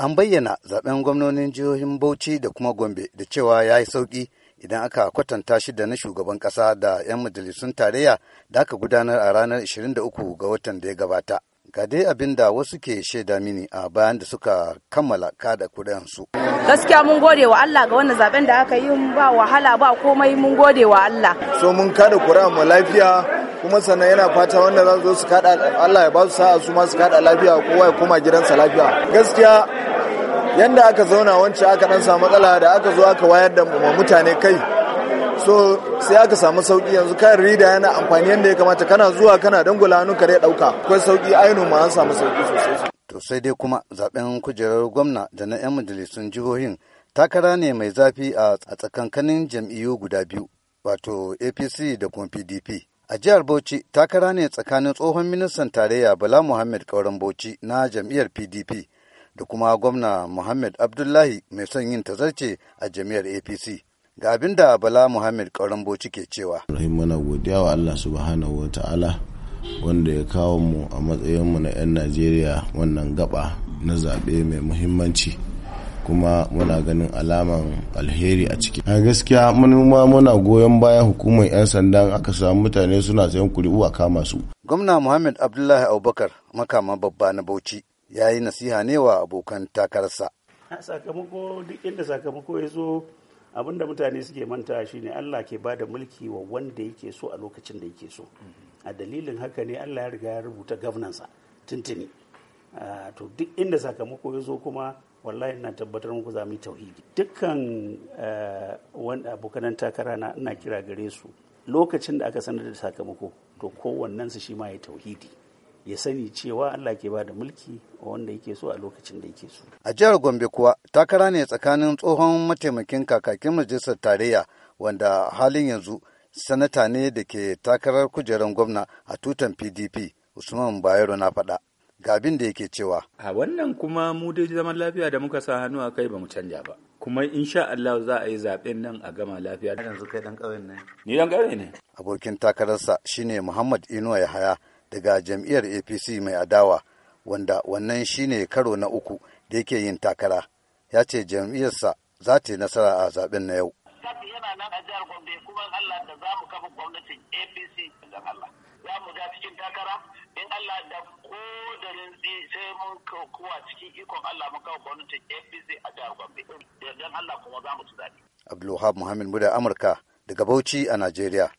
an bayyana zaben gwamnonin jihohin Bauchi da kuma Gombe da cewa ya yi sauƙi idan aka kwatanta shi da na shugaban kasa da 'yan majalisun tarayya da aka gudanar a ranar 23 ga watan da ya gabata. Ga dai abin da wasu ke shaida mini a bayan da suka kammala kada su. Gaskiya mun gode wa Allah ga wannan zaben da aka yi ba wahala ba komai mun gode wa Allah. So mun kada kuri'an mu lafiya kuma sannan yana fata wanda za zo su kada Allah ya ba su sa'a su ma su kada lafiya kowa ya koma gidansa lafiya gaskiya yanda aka zauna wancan aka dan samu matsala da aka zo aka wayar da mutane kai so sai aka samu sauki yanzu kayan rida yana amfani yadda ya kamata kana zuwa kana dangula hannun kare dauka akwai sauki ainihin ma an samu sauki sosai to sai dai kuma zaben kujerar gwamna da na yan majalisun jihohin takara ne mai zafi a tsakankanin jam'iyyu guda biyu wato apc da kuma pdp a jihar bauchi takara ne tsakanin tsohon ministan tarayya bala muhammad kauran bauchi na jam'iyyar pdp da kuma gwamna Muhammad Abdullahi mai son yin zarce a jami'ar APC. Ga abin da Bala Muhammad Ƙauran Bauchi ke cewa. Rahim mana godiya wa Allah subhanahu wa ta'ala wanda ya kawo mu a matsayinmu na 'yan Najeriya wannan gaba na zaɓe mai muhimmanci. kuma muna ganin alaman alheri a ciki a gaskiya mun ma muna goyon bayan hukumar 'yan sandan aka samu mutane suna sayan kuri'u a kama su gwamna muhammad abdullahi abubakar makama babba na bauchi ya yi nasiha ne wa abokan takararsa. sakamako duk inda sakamako ya zo abin da mutane suke manta shine Allah ke bada mulki wa wanda yake so a lokacin da yake so a dalilin haka ne Allah ya riga ya rubuta gavnansa tuntuni to duk inda sakamako ya zo kuma wallahi ina tabbatar muku za mu yi tauhidi dukkan wanda abokanan takara na ina kira gare su lokacin da aka sanar da sakamako to kowannensu shi ma ya tauhidi ya sani cewa Allah ke ba da mulki wanda yake so a lokacin da yake so. A jihar Gombe kuwa takara ne tsakanin tsohon mataimakin kakakin majalisar tarayya wanda halin yanzu sanata ne da ke takarar kujerar gwamna a tutan PDP Usman Bayero na faɗa. Ga abin da yake cewa. A wannan kuma mu dai zaman lafiya da muka sa hannu a kai ba mu canja ba. Kuma in sha Allah za a yi zaɓen nan a gama lafiya. Ni dan ƙauye ne. Abokin takararsa shine Muhammad Inuwa Yahaya daga jam'iyyar apc mai adawa wanda wannan shine karo na uku da yake yin takara ya ce jam'iyyarsa za ta yi nasara a zaben na yau yana nan a jihar gombe kuma allah da za mu kafa gwamnatin apc da allah za mu ga cikin takara in Allah da ko da rintsi sai mun kowa cikin ikon Allah mu kafa gwamnatin APC a jihar Gombe da Allah kuma za mu ci zaɓe. Abdulwahab Muhammad Muda Amurka daga Bauchi a Najeriya.